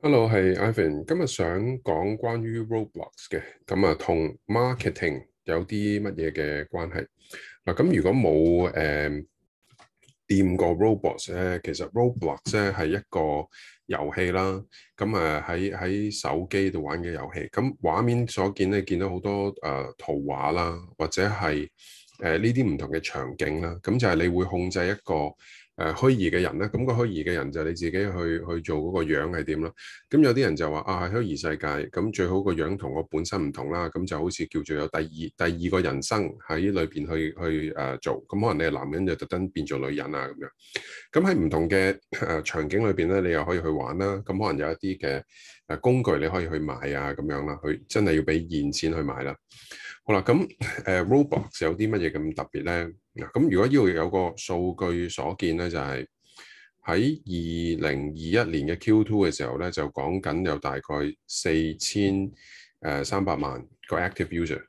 Hello，係 Ivan，今日想講關於 Roblox 嘅，咁啊同 marketing 有啲乜嘢嘅關係嗱？咁如果冇誒掂過 Roblox 咧，其實 Roblox 咧係一個遊戲啦，咁誒喺喺手機度玩嘅遊戲，咁畫面所見咧見到好多誒圖畫啦，或者係誒呢啲唔同嘅場景啦，咁就係你會控制一個。誒虛擬嘅人咧，咁個虛擬嘅人就你自己去去做嗰個樣係點啦。咁有啲人就話啊，虛擬世界咁最好個樣同我本身唔同啦。咁就好似叫做有第二第二個人生喺裏邊去去誒做。咁可能你係男人就特登變做女人啊咁樣。咁喺唔同嘅誒場景裏邊咧，你又可以去玩啦。咁可能有一啲嘅誒工具你可以去買啊咁樣啦。佢真係要俾現錢去買啦。好啦，咁誒 Roblox 有啲乜嘢咁特別咧？咁如果呢度有個數據所見咧，就係喺二零二一年嘅 Q Two 嘅時候咧，就講緊有大概四千誒三百萬個 active user，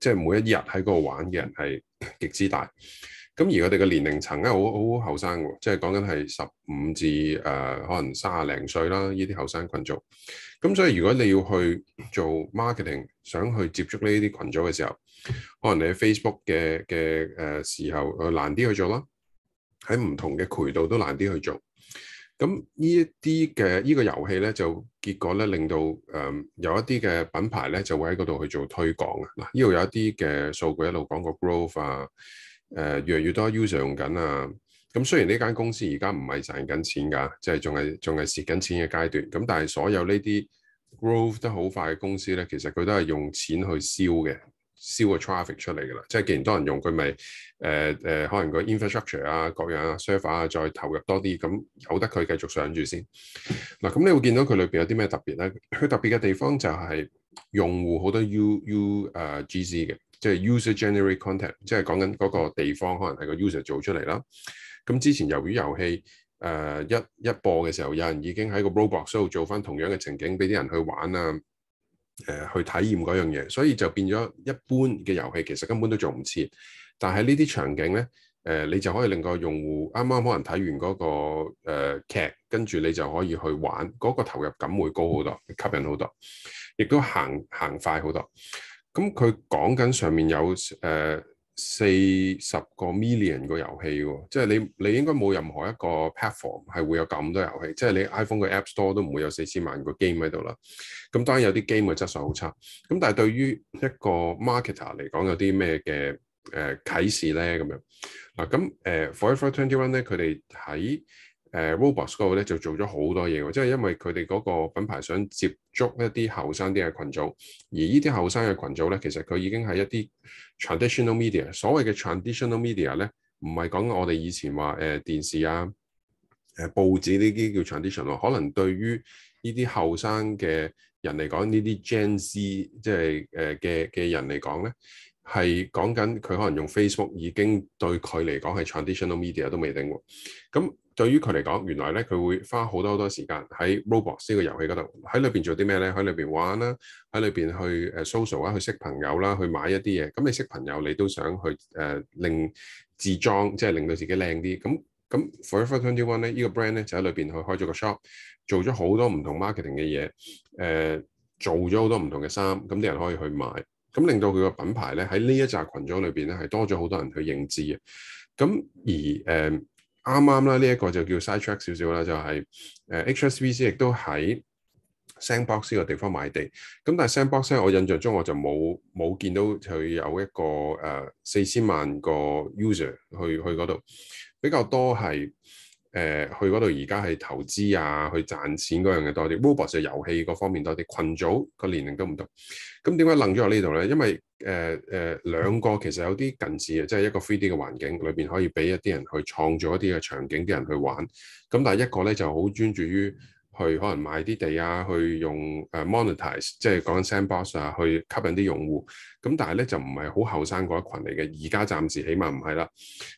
即係每一日喺嗰度玩嘅人係極之大。咁而我哋嘅年齡層咧，好好後生喎，即係講緊係十五至誒、呃、可能卅零歲啦，呢啲後生群組。咁所以如果你要去做 marketing，想去接觸呢啲群組嘅時候，可能你喺 Facebook 嘅嘅誒、呃、時候誒、呃、難啲去做啦，喺唔同嘅渠道都難啲去做。咁、這個、呢一啲嘅呢個遊戲咧，就結果咧令到誒、呃、有一啲嘅品牌咧就會喺嗰度去做推廣嘅嗱。呢、呃、度有一啲嘅數據一路講個 growth 啊。誒越嚟越多 user 用緊啊！咁雖然呢間公司而家唔係賺緊錢㗎，即係仲係仲係蝕緊錢嘅階段。咁但係所有呢啲 growth 得好快嘅公司咧，其實佢都係用錢去燒嘅，燒個 traffic 出嚟㗎啦。即係既然多人用，佢咪誒誒可能個 infrastructure 啊、各樣啊、server 啊，再投入多啲，咁由得佢繼續上住先。嗱，咁你會見到佢裏邊有啲咩特別咧？佢特別嘅地方就係用戶好多 U U 誒 GC 嘅。即係 user generate content，即係講緊嗰個地方可能係個 user 做出嚟啦。咁之前由於遊戲誒、呃、一一播嘅時候，有人已經喺個 Roblox 度做翻同樣嘅情景俾啲人去玩啊，誒、呃、去體驗嗰樣嘢，所以就變咗一般嘅遊戲其實根本都做唔切。但係呢啲場景咧，誒、呃、你就可以令個用戶啱啱可能睇完嗰、那個誒、呃、劇，跟住你就可以去玩，嗰、那個投入感會高好多，吸引好多，亦都行行快好多。咁佢講緊上面有誒四十個 million 個遊戲喎，即係你你應該冇任何一個 platform 係會有咁多遊戲，即係你 iPhone 嘅 App Store 都唔會有四千萬個 game 喺度啦。咁當然有啲 game 嘅質素好差，咁但係對於一個 marketer 嚟講，有啲咩嘅誒啟示咧？咁樣嗱，咁誒 Forever Twenty One 咧，佢哋喺誒 Robots 嗰個咧就做咗好多嘢，即係因為佢哋嗰個品牌想接觸一啲後生啲嘅群組，而呢啲後生嘅群組咧，其實佢已經係一啲 traditional media。所謂嘅 traditional media 咧，唔係講我哋以前話誒、呃、電視啊、誒、呃、報紙呢啲叫 traditional 可能對於呢啲後生嘅人嚟講，即係呃、講呢啲 Gen Z 即係誒嘅嘅人嚟講咧，係講緊佢可能用 Facebook 已經對佢嚟講係 traditional media 都未定喎，咁。對於佢嚟講，原來咧佢會花好多好多時間喺 Roblox 呢個遊戲嗰度，喺裏邊做啲咩咧？喺裏邊玩啦，喺裏邊去誒 social 啦，去識朋友啦，去買一啲嘢。咁你識朋友，你都想去誒、呃、令自裝，即係令到自己靚啲。咁咁 Forever Twenty One 咧，呢、呢個 brand 咧就喺裏邊去開咗個 shop，做咗好多唔同 marketing 嘅嘢，誒、呃、做咗好多唔同嘅衫，咁啲人可以去買，咁令到佢個品牌咧喺呢一紮群組裏邊咧係多咗好多人去認知嘅。咁而誒。呃啱啱啦，呢一、這個就叫 side track 少少啦，就係、是、誒、呃、HSBC 亦都喺 sandbox 呢個地方買地，咁但係 sandbox 咧，我印象中我就冇冇見到佢有一個誒四千萬個 user 去去嗰度，比較多係誒、呃、去嗰度而家係投資啊，去賺錢嗰樣嘅多啲，Roblox 就遊戲嗰方面多啲，群組個年齡都唔同，咁點解楞咗我呢度咧？因為誒誒、uh, uh, 兩個其實有啲近似嘅，即係一個 three D 嘅環境裏邊可以俾一啲人去創造一啲嘅場景，啲人去玩。咁但係一個咧就好專注於去可能買啲地啊，去用誒、uh, monetize，即係講 sandbox 啊，去吸引啲用戶。咁但係咧就唔係好後生嗰一群嚟嘅，而家暫時起碼唔係啦。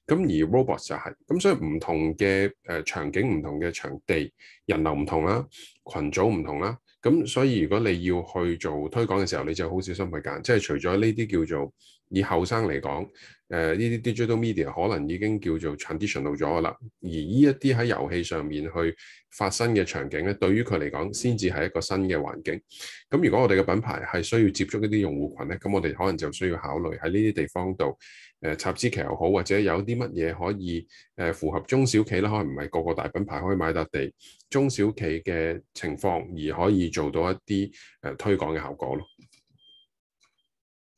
咁而 Roblox 就係、是、咁，所以唔同嘅誒場景、唔同嘅場地、人流唔同啦、啊，群組唔同啦、啊。咁所以如果你要去做推廣嘅時候，你就好小心去揀，即係除咗呢啲叫做。以後生嚟講，誒呢啲 digital media 可能已經叫做 traditional 咗㗎啦。而呢一啲喺遊戲上面去發生嘅場景咧，對於佢嚟講，先至係一個新嘅環境。咁如果我哋嘅品牌係需要接觸一啲用戶群，咧，咁我哋可能就需要考慮喺呢啲地方度，誒、呃、插支旗又好，或者有啲乜嘢可以誒、呃、符合中小企啦，可能唔係個個大品牌可以買笪地，中小企嘅情況而可以做到一啲誒、呃、推廣嘅效果咯。